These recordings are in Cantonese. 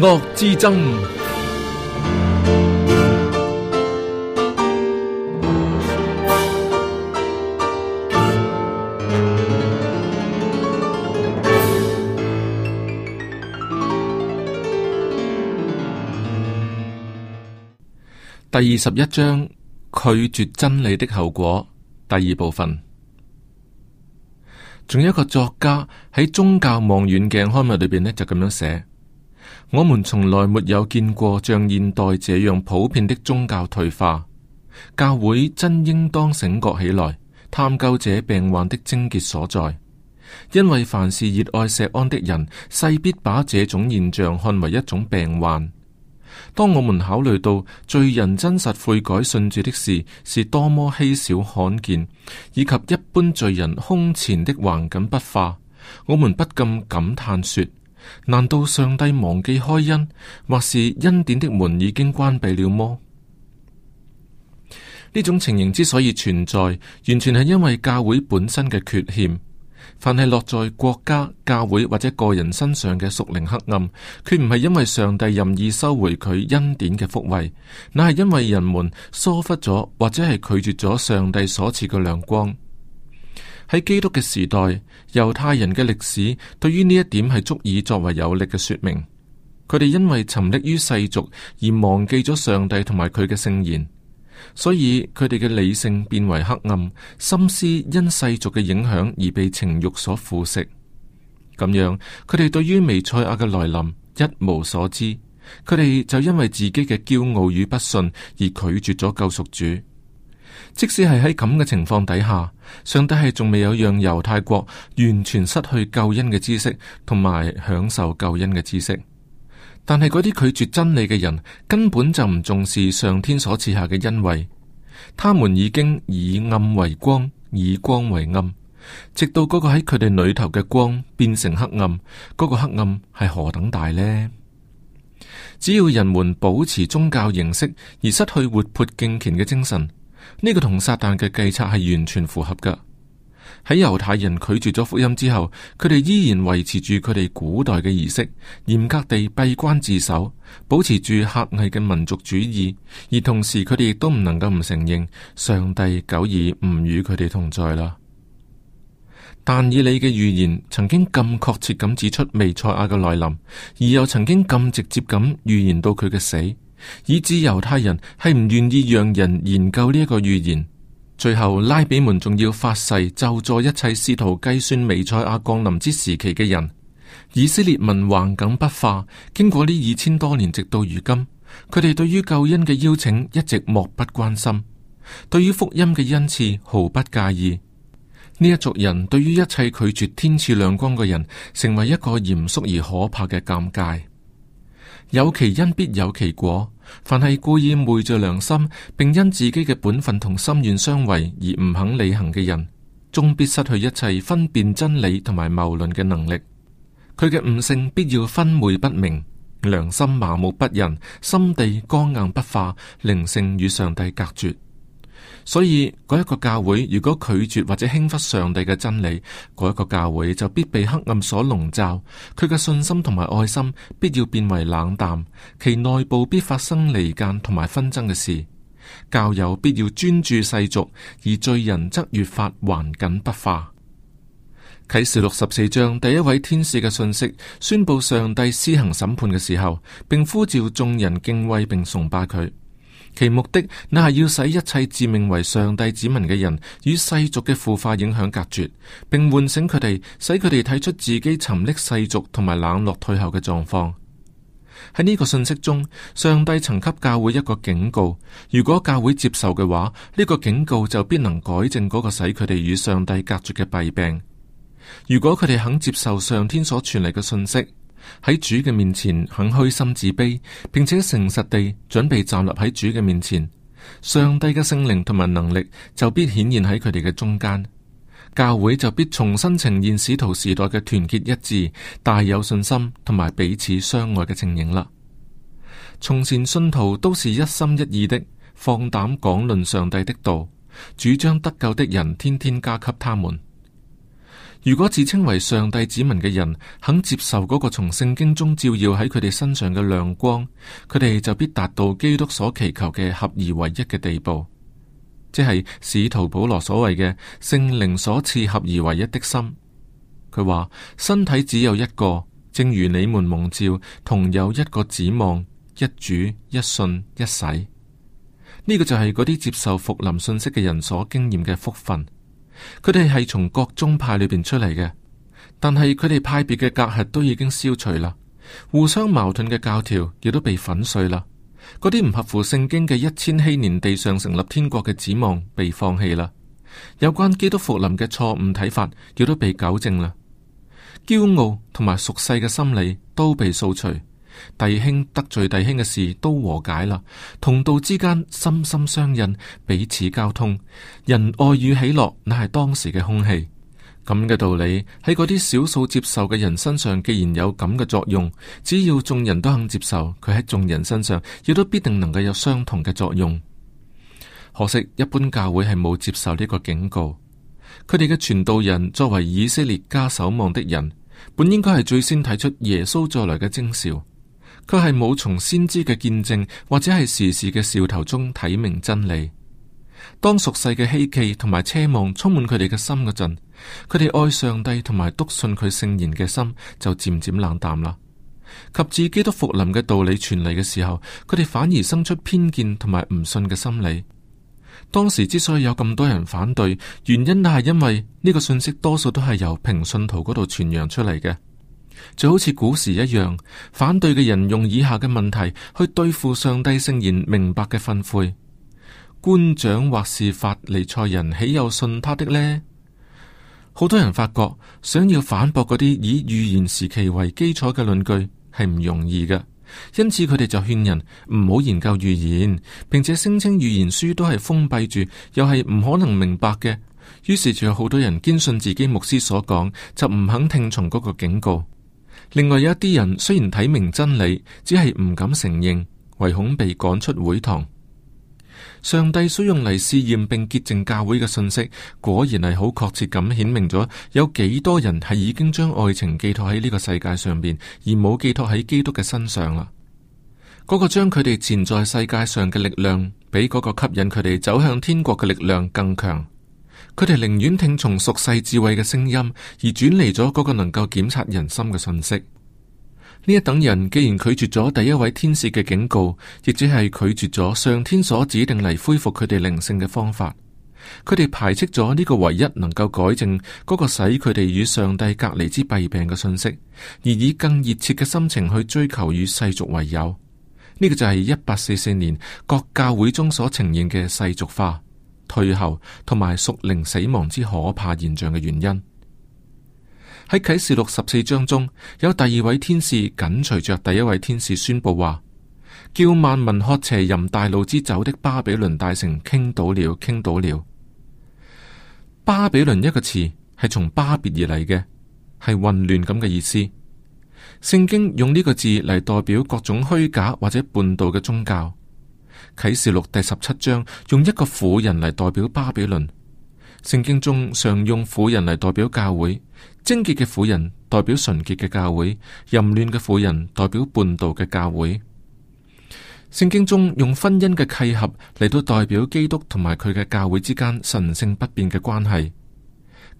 惡之爭，第二十一章拒絕真理的後果，第二部分。仲有一個作家喺宗教望遠鏡刊物裏邊呢，就咁樣寫。我們從來沒有見過像現代這樣普遍的宗教退化，教會真應當醒覺起來，探究這病患的症結所在。因為凡是熱愛錫安的人，勢必把這種現象看為一種病患。當我們考慮到罪人真實悔改信主的事是多麼稀少罕見，以及一般罪人空前的環境不化，我們不禁感歎說。難道上帝忘記開恩，或是恩典的門已經關閉了麼？呢種情形之所以存在，完全係因為教會本身嘅缺陷。凡係落在國家、教會或者個人身上嘅屬靈黑暗，卻唔係因為上帝任意收回佢恩典嘅福惠，乃係因為人們疏忽咗或者係拒絕咗上帝所賜嘅亮光。喺基督嘅時代。猶太人嘅歷史對於呢一點係足以作為有力嘅說明。佢哋因為沉溺於世俗而忘記咗上帝同埋佢嘅聖言，所以佢哋嘅理性變為黑暗，心思因世俗嘅影響而被情欲所腐蝕。咁樣，佢哋對於彌賽亞嘅來臨一無所知。佢哋就因為自己嘅驕傲與不信而拒絕咗救贖主。即使係喺咁嘅情況底下，上帝係仲未有讓猶太國完全失去救恩嘅知識，同埋享受救恩嘅知識。但係嗰啲拒絕真理嘅人，根本就唔重視上天所賜下嘅恩惠。他們已經以暗為光，以光為暗，直到嗰個喺佢哋裏頭嘅光變成黑暗。嗰個黑暗係何等大呢？只要人們保持宗教形式而失去活潑敬虔嘅精神。呢個同撒旦嘅計策係完全符合噶。喺猶太人拒絕咗福音之後，佢哋依然維持住佢哋古代嘅儀式，嚴格地閉關自守，保持住狹隘嘅民族主義，而同時佢哋亦都唔能夠唔承認上帝久已唔與佢哋同在啦。但以你嘅預言，曾經咁確切咁指出彌賽亞嘅來臨，而又曾經咁直接咁預言到佢嘅死。以致猶太人係唔願意讓人研究呢一個預言。最後拉比們仲要發誓咒詛一切試圖計算彌賽亞降臨之時期嘅人。以色列民頑梗不化，經過呢二千多年，直到如今，佢哋對於救恩嘅邀請一直漠不關心，對於福音嘅恩賜毫不介意。呢一族人對於一切拒絕天賜亮光嘅人，成為一個嚴肅而可怕嘅鑒戒。有其因必有其果，凡係故意昧着良心，並因自己嘅本分同心願相違而唔肯履行嘅人，終必失去一切分辨真理同埋謬論嘅能力。佢嘅悟性必要昏昧不明，良心麻木不仁，心地剛硬不化，靈性與上帝隔絕。所以，嗰一個教會如果拒絕或者輕忽上帝嘅真理，嗰一個教會就必被黑暗所籠罩。佢嘅信心同埋愛心必要變為冷淡，其內部必發生離間同埋紛爭嘅事。教友必要專注世俗，而罪人則越發頑梗不化。啟示六十四章第一位天使嘅信息，宣布上帝施行審判嘅時候，並呼召眾人敬畏並崇拜佢。其目的那係要使一切自命為上帝子民嘅人與世俗嘅腐化影響隔絕，並喚醒佢哋，使佢哋睇出自己沉溺世俗同埋冷落退後嘅狀況。喺呢個信息中，上帝曾給教會一個警告，如果教會接受嘅話，呢個警告就必能改正嗰個使佢哋與上帝隔絕嘅弊病。如果佢哋肯接受上天所傳嚟嘅信息。喺主嘅面前肯虛心自卑，並且誠實地準備站立喺主嘅面前，上帝嘅聖靈同埋能力就必顯現喺佢哋嘅中間，教會就必重新呈現使徒時代嘅團結一致、大有信心同埋彼此相愛嘅情形啦。從前信徒都是一心一意的，放膽講論上帝的道，主將得救的人天天加給他們。如果自稱為上帝子民嘅人肯接受嗰個從聖經中照耀喺佢哋身上嘅亮光，佢哋就必達到基督所祈求嘅合而為一嘅地步，即係使徒保羅所謂嘅聖靈所賜合而為一的心。佢話身體只有一個，正如你們蒙召，同有一個指望、一主、一信、一洗。這」呢個就係嗰啲接受復臨信息嘅人所經驗嘅福分。佢哋係從各宗派裏邊出嚟嘅，但係佢哋派別嘅隔閡都已經消除啦，互相矛盾嘅教條亦都被粉碎啦，嗰啲唔合乎聖經嘅一千禧年地上成立天國嘅指望被放棄啦，有關基督復臨嘅錯誤睇法亦都被糾正啦，驕傲同埋俗世嘅心理都被掃除。弟兄得罪弟兄嘅事都和解啦，同道之間心心相印，彼此交通。人愛與喜樂，乃係當時嘅空氣。咁嘅道理喺嗰啲少數接受嘅人身上，既然有咁嘅作用，只要眾人都肯接受，佢喺眾人身上，亦都必定能夠有相同嘅作用。可惜一般教會係冇接受呢個警告，佢哋嘅傳道人作為以色列家守望的人，本應該係最先睇出耶穌再來嘅徵兆。佢係冇從先知嘅見證或者係時事嘅兆頭中睇明真理。當俗世嘅希冀同埋奢望充滿佢哋嘅心嗰陣，佢哋愛上帝同埋篤信佢聖言嘅心就漸漸冷淡啦。及至基督復臨嘅道理傳嚟嘅時候，佢哋反而生出偏見同埋唔信嘅心理。當時之所以有咁多人反對，原因係因為呢個信息多數都係由平信徒嗰度傳揚出嚟嘅。就好似古時一樣，反對嘅人用以下嘅問題去對付上帝聖言明白嘅訓誨：官長，或是法利賽人，豈有信他的呢？好多人發覺想要反駁嗰啲以預言時期為基礎嘅論據係唔容易嘅，因此佢哋就勸人唔好研究預言，並且聲稱預言書都係封閉住，又係唔可能明白嘅。於是仲有好多人堅信自己牧師所講，就唔肯聽從嗰個警告。另外有一啲人雖然睇明真理，只係唔敢承認，唯恐被趕出會堂。上帝所用嚟試驗並潔淨教會嘅信息，果然係好確切咁顯明咗，有幾多人係已經將愛情寄託喺呢個世界上邊，而冇寄託喺基督嘅身上啦。嗰個將佢哋潛在世界上嘅力量，比嗰個吸引佢哋走向天國嘅力量更強。佢哋寧願聽從屬世智慧嘅聲音，而轉離咗嗰個能夠檢測人心嘅信息。呢一等人既然拒絕咗第一位天使嘅警告，亦只係拒絕咗上天所指定嚟恢復佢哋靈性嘅方法。佢哋排斥咗呢個唯一能夠改正嗰個使佢哋與上帝隔離之弊病嘅信息，而以更熱切嘅心情去追求與世俗為友。呢、這個就係一八四四年各教會中所呈現嘅世俗化。退後同埋屬靈死亡之可怕現象嘅原因，喺啟示錄十四章中有第二位天使緊隨着第一位天使宣布話，叫萬民喝邪淫大怒之酒的巴比倫大城傾倒了，傾倒了。巴比倫一個詞係從巴別而嚟嘅，係混亂咁嘅意思。聖經用呢個字嚟代表各種虛假或者半道嘅宗教。啟示錄第十七章用一個婦人嚟代表巴比倫，聖經中常用婦人嚟代表教會，貞潔嘅婦人代表純潔嘅教會，淫亂嘅婦人代表叛道嘅教會。聖經中用婚姻嘅契合嚟到代表基督同埋佢嘅教會之間神聖不變嘅關係。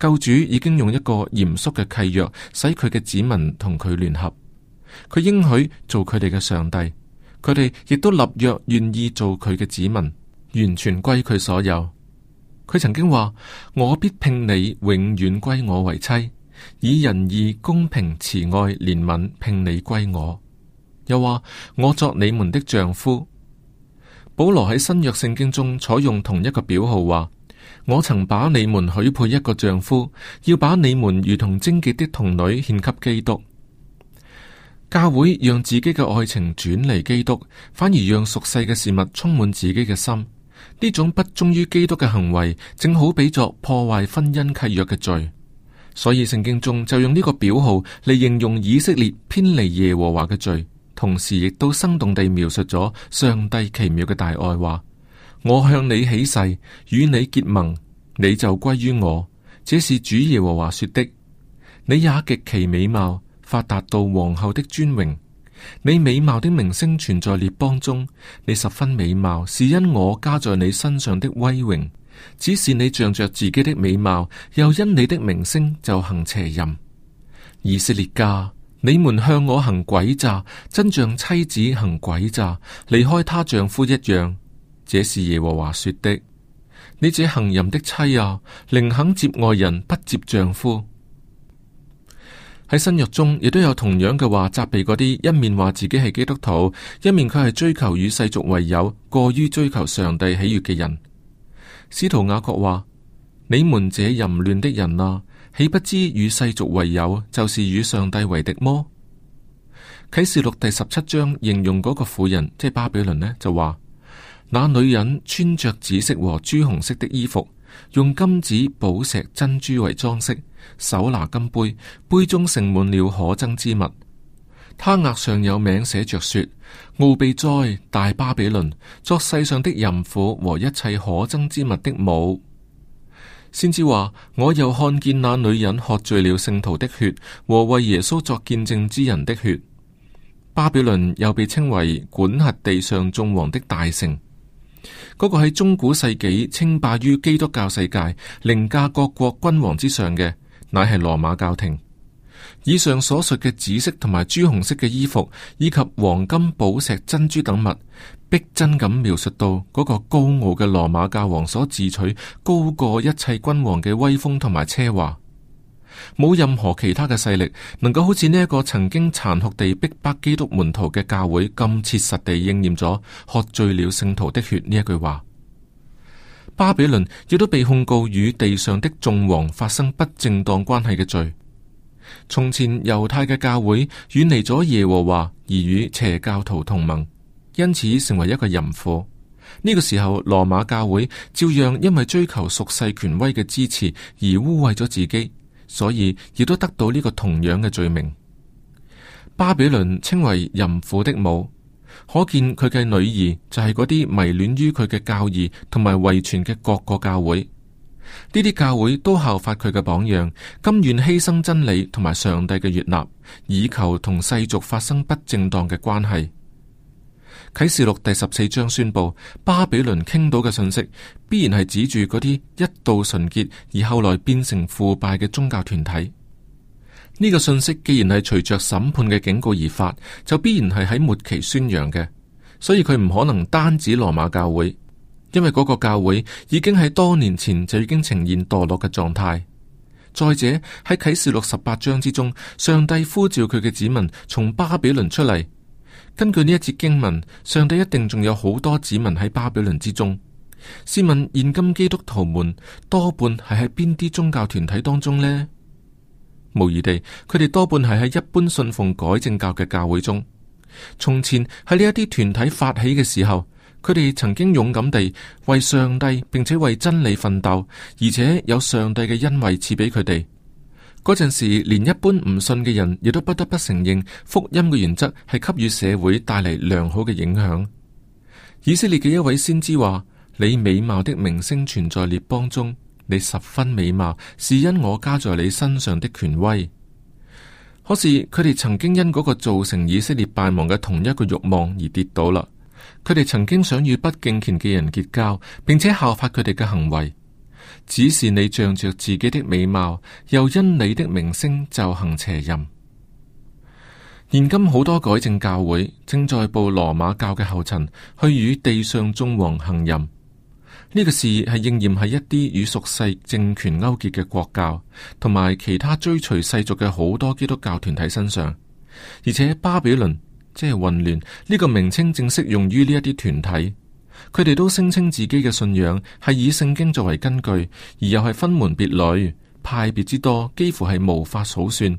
救主已經用一個嚴肅嘅契約，使佢嘅子民同佢聯合，佢應許做佢哋嘅上帝。佢哋亦都立約，願意做佢嘅子民，完全歸佢所有。佢曾經話：我必聘你，永遠歸我為妻，以仁義、公平、慈愛、憐憫聘你歸我。又話：我作你們的丈夫。保羅喺新約聖經中採用同一個表號話：我曾把你們許配一個丈夫，要把你們如同貞潔的童女獻給基督。教會讓自己嘅愛情轉離基督，反而讓俗世嘅事物充滿自己嘅心。呢種不忠於基督嘅行為，正好比作破壞婚姻契約嘅罪。所以聖經中就用呢個表號嚟形容以色列偏離耶和華嘅罪，同時亦都生動地描述咗上帝奇妙嘅大愛話：話我向你起誓，與你結盟，你就歸於我。這是主耶和華說的。你也極其美貌。發達到王后的尊榮，你美貌的名聲存在列邦中，你十分美貌，是因我加在你身上的威榮。只是你仗着自己的美貌，又因你的名聲就行邪淫。以色列家，你們向我行詭詐，真像妻子行詭詐，離開她丈夫一樣。這是耶和華說的。你這行淫的妻啊，寧肯接外人，不接丈夫。喺新約中，亦都有同樣嘅話責備嗰啲一面話自己係基督徒，一面佢係追求與世俗為友，過於追求上帝喜悦嘅人。司徒雅各話：你們這淫亂的人啊，豈不知與世俗為友，就是與上帝為敵麼？啟示錄第十七章形容嗰個婦人，即係巴比倫呢，就話：那女人穿着紫色和朱紅色的衣服，用金子、寶石、珍珠為裝飾。手拿金杯，杯中盛滿了可憎之物。他額上有名寫着說：奧秘哉，大巴比倫作世上的淫婦和一切可憎之物的母。先知話：我又看見那女人喝醉了聖徒的血和為耶穌作見證之人的血。巴比倫又被稱為管轄地上眾王的大城。嗰、那個喺中古世紀稱霸於基督教世界，凌駕各國君王之上嘅。乃係羅馬教廷。以上所述嘅紫色同埋朱紅色嘅衣服，以及黃金、寶石、珍珠等物，逼真咁描述到嗰個高傲嘅羅馬教王所自取高過一切君王嘅威風同埋奢華。冇任何其他嘅勢力能夠好似呢一個曾經殘酷地逼迫基督門徒嘅教會咁切實地應驗咗“喝醉了聖徒的血”呢一句話。巴比倫亦都被控告與地上的眾王發生不正當關係嘅罪。從前猶太嘅教會遠離咗耶和華，而與邪教徒同盟，因此成為一個淫婦。呢個時候羅馬教會照樣因為追求俗世權威嘅支持而污穢咗自己，所以亦都得到呢個同樣嘅罪名。巴比倫稱為淫婦的母。可見佢嘅女兒就係嗰啲迷戀於佢嘅教義同埋遺傳嘅各個教會，呢啲教會都效法佢嘅榜樣，甘願犧牲真理同埋上帝嘅悅納，以求同世俗發生不正當嘅關係。啟示錄第十四章宣布，巴比倫傾倒嘅信息，必然係指住嗰啲一度純潔而後來變成腐敗嘅宗教團體。呢個信息既然係隨着審判嘅警告而發，就必然係喺末期宣揚嘅，所以佢唔可能單止羅馬教會，因為嗰個教會已經喺多年前就已經呈現墮落嘅狀態。再者喺啟示錄十八章之中，上帝呼召佢嘅子民從巴比倫出嚟。根據呢一節經文，上帝一定仲有好多子民喺巴比倫之中。試問現今基督徒們多半係喺邊啲宗教團體當中呢？無疑地，佢哋多半係喺一般信奉改正教嘅教會中。從前喺呢一啲團體發起嘅時候，佢哋曾經勇敢地為上帝並且為真理奮鬥，而且有上帝嘅恩惠賜俾佢哋。嗰陣時，連一般唔信嘅人亦都不得不承認福音嘅原則係給予社會帶嚟良好嘅影響。以色列嘅一位先知話：你美貌的名聲存在列邦中。你十分美貌，是因我加在你身上的權威。可是佢哋曾經因嗰個造成以色列敗亡嘅同一個欲望而跌倒啦。佢哋曾經想與不敬虔嘅人結交，並且效法佢哋嘅行為。只是你仗着自己的美貌，又因你的名聲就行邪淫。現今好多改正教會正在步羅馬教嘅後塵，去與地上眾王行淫。呢個事係應驗喺一啲與屬世政權勾結嘅國教，同埋其他追隨世俗嘅好多基督教團體身上。而且巴比倫即係混亂呢個名稱正適用於呢一啲團體，佢哋都聲稱自己嘅信仰係以聖經作為根據，而又係分門別類、派別之多，幾乎係無法數算。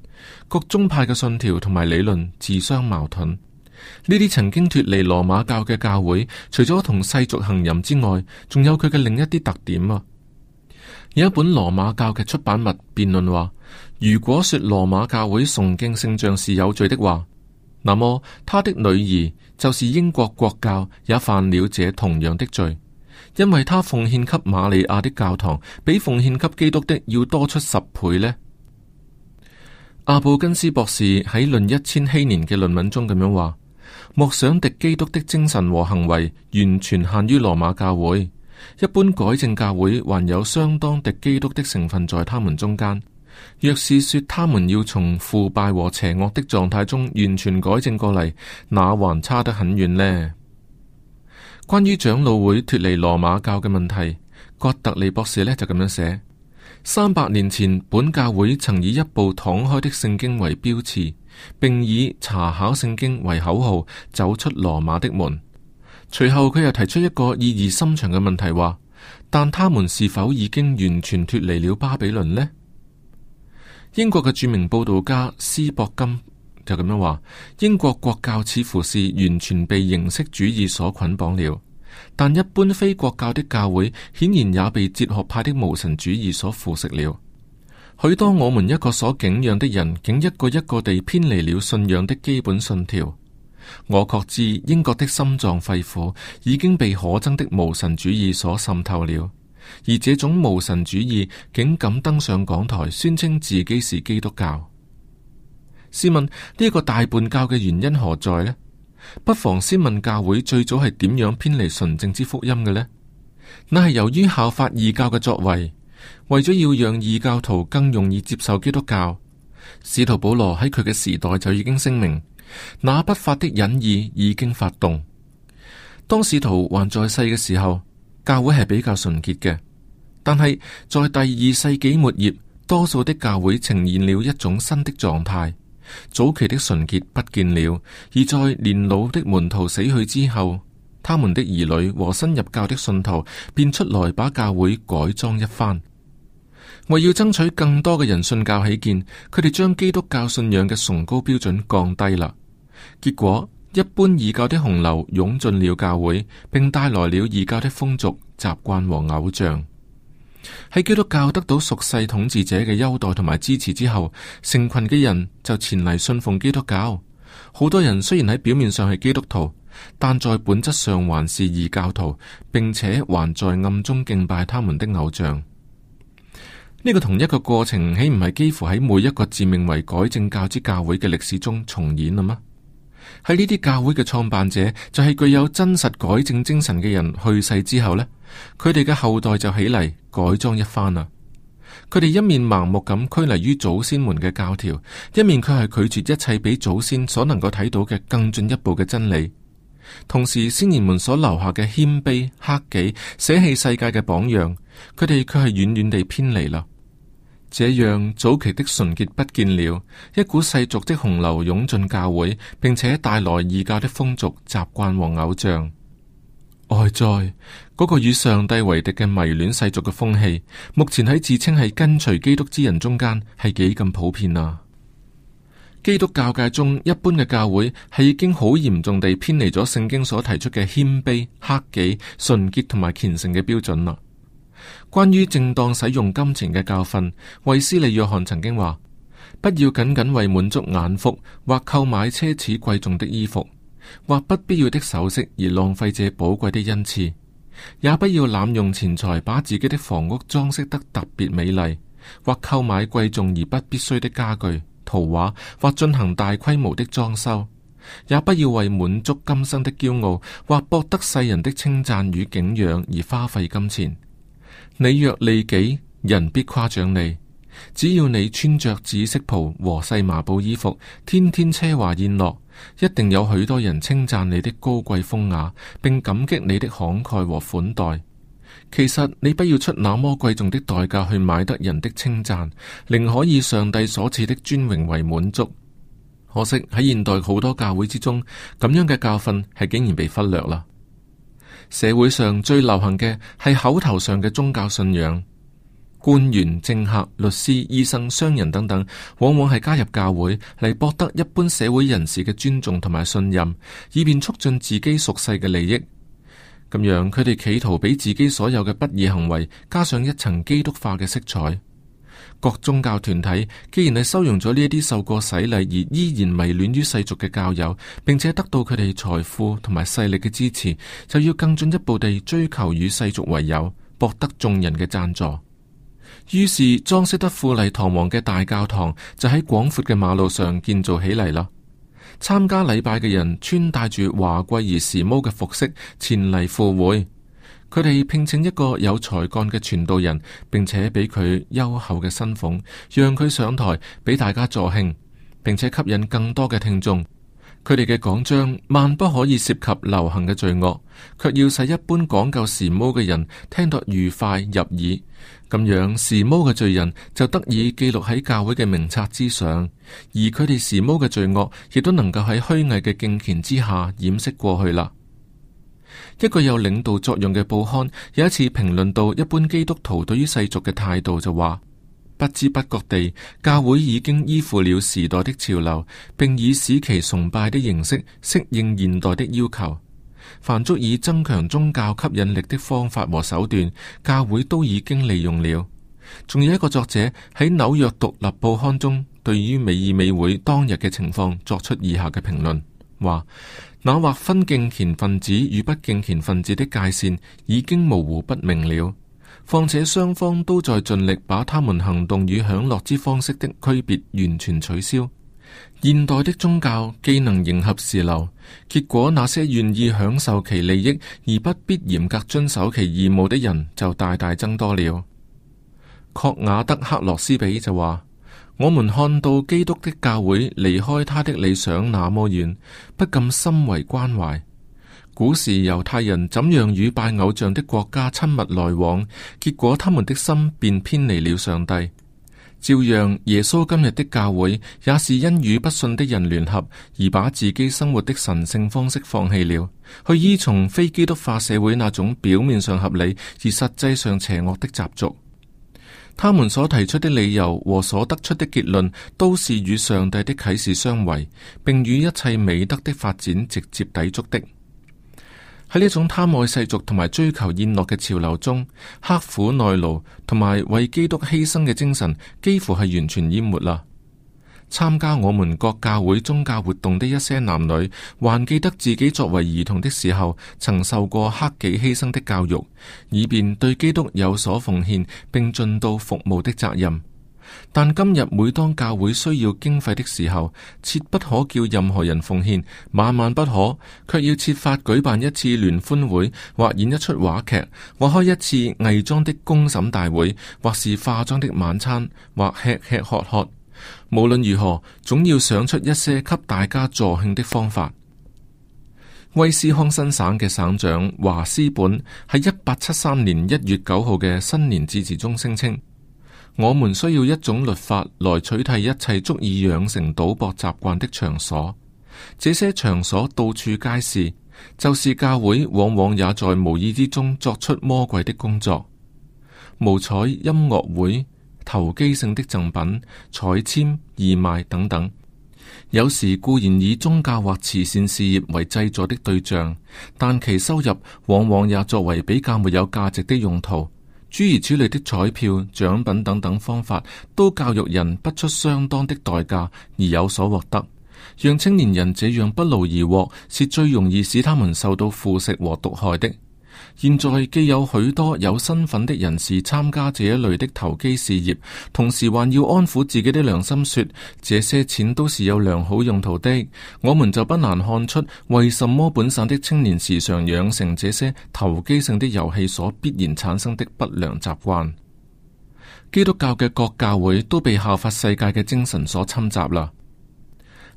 各宗派嘅信條同埋理論自相矛盾。呢啲曾經脫離羅馬教嘅教會，除咗同世俗行淫之外，仲有佢嘅另一啲特點啊。有一本羅馬教嘅出版物辯論話，如果說羅馬教會崇敬聖像是有罪的話，那麼他的女兒就是英國國教也犯了這同樣的罪，因為他奉獻給瑪利亞的教堂比奉獻給基督的要多出十倍呢。阿布根斯博士喺論一千禧年嘅論文中咁樣話。莫想敵基督的精神和行為完全限於羅馬教會，一般改正教會還有相當敵基督的成分在他們中間。若是說他們要從腐敗和邪惡的狀態中完全改正過嚟，那還差得很遠呢。關於長老會脫離羅馬教嘅問題，葛特尼博士咧就咁樣寫：三百年前，本教會曾以一部敞開的聖經為標誌。並以查考聖經為口號，走出羅馬的門。隨後佢又提出一個意義深長嘅問題話：但他們是否已經完全脫離了巴比倫呢？英國嘅著名報道家斯博金就咁樣話：英國國教似乎是完全被形式主義所捆綁了，但一般非國教的教會顯然也被哲學派的無神主義所腐蝕了。許多我們一個所敬仰的人，竟一個一個地偏離了信仰的基本信條。我確知英國的心臟肺腑已經被可憎的無神主義所滲透了，而這種無神主義竟敢登上講台，宣稱自己是基督教。試問呢個大叛教嘅原因何在呢？不妨先問教會最早係點樣偏離純正之福音嘅呢？那係由於效法異教嘅作為。為咗要讓異教徒更容易接受基督教，使徒保羅喺佢嘅時代就已經聲明，那不法的隱意已經發動。當使徒還在世嘅時候，教會係比較純潔嘅，但係在第二世紀末葉，多數的教會呈現了一種新的狀態，早期的純潔不見了。而在年老的門徒死去之後，他們的兒女和新入教的信徒便出來把教會改裝一番。為要爭取更多嘅人信教起見，佢哋將基督教信仰嘅崇高標準降低啦。結果，一般異教的洪流湧進了教會，並帶來了異教的風俗習慣和偶像。喺基督教得到俗世統治者嘅優待同埋支持之後，成群嘅人就前嚟信奉基督教。好多人雖然喺表面上係基督徒，但在本質上還是異教徒，並且還在暗中敬拜他們的偶像。呢個同一個過程，豈唔係幾乎喺每一個自命為改正教之教會嘅歷史中重演啦？嗎？喺呢啲教會嘅創辦者就係、是、具有真實改正精神嘅人去世之後呢，佢哋嘅後代就起嚟改裝一番啦。佢哋一面盲目咁拘泥於祖先們嘅教條，一面佢係拒絕一切比祖先所能夠睇到嘅更進一步嘅真理，同時先賢們所留下嘅謙卑、克己、捨棄世界嘅榜樣。佢哋卻係遠遠地偏離啦，這樣早期的純潔不見了，一股世俗的洪流湧進教會，並且帶來異教的風俗習慣和偶像。外在嗰個與上帝為敵嘅迷戀世俗嘅風氣，目前喺自稱係跟隨基督之人中間係幾咁普遍啊？基督教界中一般嘅教會係已經好嚴重地偏離咗聖經所提出嘅謙卑、克己、純潔同埋虔誠嘅標準啦。關於正當使用金錢嘅教訓，衛斯利約翰曾經話：不要僅僅為滿足眼福或購買奢侈貴重的衣服或不必要的首飾而浪費這寶貴的恩賜；也不要濫用錢財，把自己的房屋裝飾得特別美麗，或購買貴重而不必須的家具、圖畫或進行大規模的裝修；也不要為滿足今生的驕傲或博得世人的稱讚與景仰而花費金錢。你若利己，人必誇獎你；只要你穿着紫色袍和細麻布衣服，天天奢華宴樂，一定有許多人稱讚你的高貴風雅，並感激你的慷慨和款待。其實你不要出那麼貴重的代價去買得人的稱讚，寧可以上帝所賜的尊榮為滿足。可惜喺現代好多教會之中，咁樣嘅教訓係竟然被忽略啦。社會上最流行嘅係口頭上嘅宗教信仰，官員、政客、律師、醫生、商人等等，往往係加入教會嚟博得一般社會人士嘅尊重同埋信任，以便促進自己屬世嘅利益。咁樣佢哋企圖俾自己所有嘅不義行為加上一層基督化嘅色彩。各宗教團體既然係收容咗呢一啲受過洗禮而依然迷戀於世俗嘅教友，並且得到佢哋財富同埋勢力嘅支持，就要更進一步地追求與世俗為友，博得眾人嘅讚助。於是，裝飾得富麗堂皇嘅大教堂就喺廣闊嘅馬路上建造起嚟啦。參加禮拜嘅人穿戴住華貴而時髦嘅服飾，前嚟赴會。佢哋聘請一個有才幹嘅傳道人，並且俾佢優厚嘅薪俸，讓佢上台俾大家助興，並且吸引更多嘅聽眾。佢哋嘅講章萬不可以涉及流行嘅罪惡，卻要使一般講究時髦嘅人聽得愉快入耳。咁樣時髦嘅罪人就得以記錄喺教會嘅名冊之上，而佢哋時髦嘅罪惡亦都能夠喺虛僞嘅敬虔之下掩飾過去啦。一個有領導作用嘅報刊有一次評論到一般基督徒對於世俗嘅態度就話，不知不覺地教會已經依附了時代的潮流，並以使其崇拜的形式適應現代的要求。凡足以增強宗教吸引力的方法和手段，教會都已經利用了。仲有一個作者喺紐約獨立報刊中，對於美以美會當日嘅情況作出以下嘅評論，話。那劃分敬虔分子與不敬虔分子的界線已經模糊不明了，況且雙方都在盡力把他們行動與享樂之方式的區別完全取消。現代的宗教既能迎合時流，結果那些願意享受其利益而不必嚴格遵守其義務的人就大大增多了。確雅德克洛斯比就話。我們看到基督的教會離開他的理想那麼遠，不禁深為關懷。古時猶太人怎樣與拜偶像的國家親密來往，結果他們的心便偏離了上帝。照樣，耶穌今日的教會也是因與不信的人聯合，而把自己生活的神聖方式放棄了，去依從非基督化社會那種表面上合理而實際上邪惡的習俗。他們所提出的理由和所得出的結論，都是與上帝的啟示相違，並與一切美德的發展直接抵觸的。喺呢種貪愛世俗同埋追求宴樂嘅潮流中，刻苦耐勞同埋為基督犧牲嘅精神，幾乎係完全淹沒啦。參加我們各教會宗教活動的一些男女，還記得自己作為兒童的時候，曾受過克己犧牲的教育，以便對基督有所奉獻，並盡到服務的責任。但今日每當教會需要經費的時候，切不可叫任何人奉獻，萬萬不可。卻要設法舉辦一次聯歡會，或演一出話劇，或開一次偽裝的公審大會，或是化妝的晚餐，或吃吃喝喝。無論如何，總要想出一些給大家助興的方法。威斯康辛省嘅省長華斯本喺一八七三年一月九號嘅新年致辭中聲稱：我們需要一種律法來取締一切足以養成賭博習慣的場所，這些場所到處皆是。就是教會往往也在無意之中作出魔鬼的工作，無綵音樂會。投機性的贈品、彩籤、義賣等等，有時固然以宗教或慈善事業為製作的對象，但其收入往往也作為比較沒有價值的用途。諸如此類的彩票、獎品等等方法，都教育人不出相當的代價而有所獲得，讓青年人這樣不勞而獲，是最容易使他們受到腐蝕和毒害的。現在既有許多有身份的人士參加這一類的投機事業，同時還要安撫自己的良心，說這些錢都是有良好用途的。我們就不難看出為什麼本省的青年時常養成這些投機性的遊戲所必然產生的不良習慣。基督教嘅各教會都被效法世界嘅精神所侵襲啦。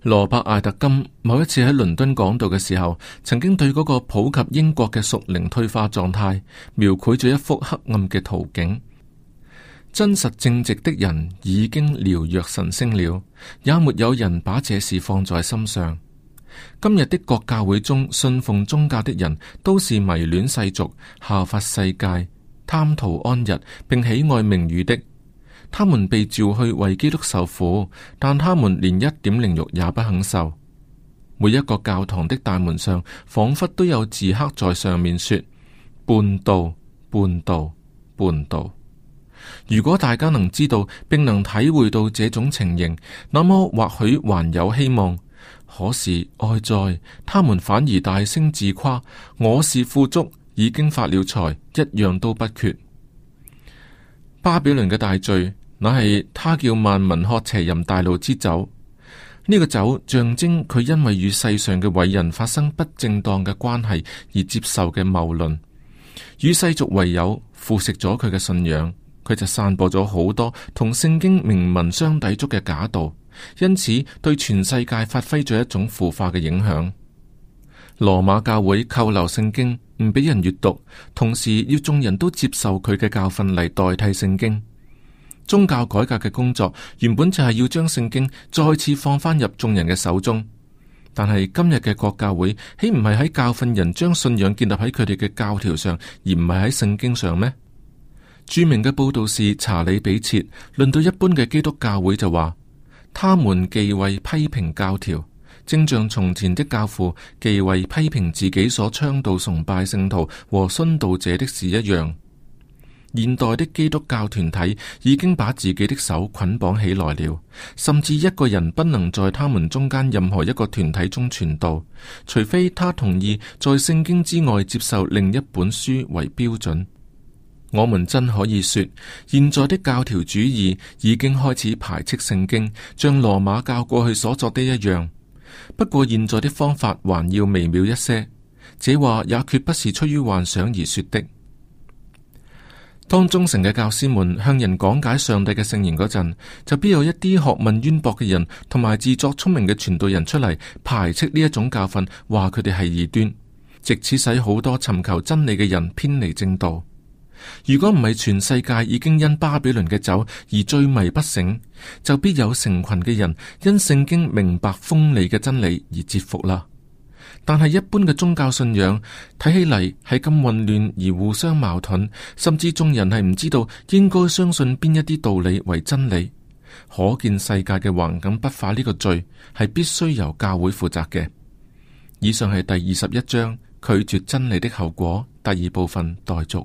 羅伯艾特金某一次喺倫敦講道嘅時候，曾經對嗰個普及英國嘅屬靈退化狀態描繪咗一幅黑暗嘅圖景。真實正直的人已經寥若晨星了，也沒有人把這事放在心上。今日的國教會中，信奉宗教的人都是迷戀世俗、效法世界、貪圖安逸，並喜愛名譽的。他們被召去為基督受苦，但他們連一點凌辱也不肯受。每一個教堂的大門上，仿佛都有字刻在上面，說：半道，半道，半道。如果大家能知道並能體會到這種情形，那麼或許還有希望。可是愛在他們反而大聲自誇：我是富足，已經發了財，一樣都不缺。巴比倫嘅大罪。乃係他叫萬民喝邪淫大怒之酒，呢、這個酒象徵佢因為與世上嘅偉人發生不正當嘅關係而接受嘅謬論，與世俗為友腐蝕咗佢嘅信仰，佢就散播咗好多同聖經明文相抵觸嘅假道，因此對全世界發揮咗一種腐化嘅影響。羅馬教會扣留聖經，唔俾人閱讀，同時要眾人都接受佢嘅教訓嚟代替聖經。宗教改革嘅工作原本就係要將聖經再次放翻入眾人嘅手中，但係今日嘅國教會豈唔係喺教訓人將信仰建立喺佢哋嘅教條上，而唔係喺聖經上咩？著名嘅報道士查理比切論到一般嘅基督教會就話，他們忌諱批評教條，正像從前的教父忌諱批評自己所倡導崇拜聖徒和殉道者的事一樣。現代的基督教團體已經把自己的手捆綁起來了，甚至一個人不能在他們中間任何一個團體中傳道，除非他同意在聖經之外接受另一本書為標準。我們真可以說，現在的教條主義已經開始排斥聖經，像羅馬教過去所作的一樣。不過，現在的方法還要微妙一些。這話也絕不是出於幻想而說的。當忠誠嘅教師們向人講解上帝嘅聖言嗰陣，就必有一啲學問淵博嘅人同埋自作聰明嘅傳道人出嚟排斥呢一種教訓，話佢哋係異端，直至使好多尋求真理嘅人偏離正道。如果唔係，全世界已經因巴比倫嘅酒而醉迷不醒，就必有成群嘅人因聖經明白鋒利嘅真理而折服啦。但係一般嘅宗教信仰睇起嚟係咁混亂而互相矛盾，甚至眾人係唔知道應該相信邊一啲道理為真理。可見世界嘅環境不化呢個罪係必須由教會負責嘅。以上係第二十一章拒絕真理的後果第二部分待續。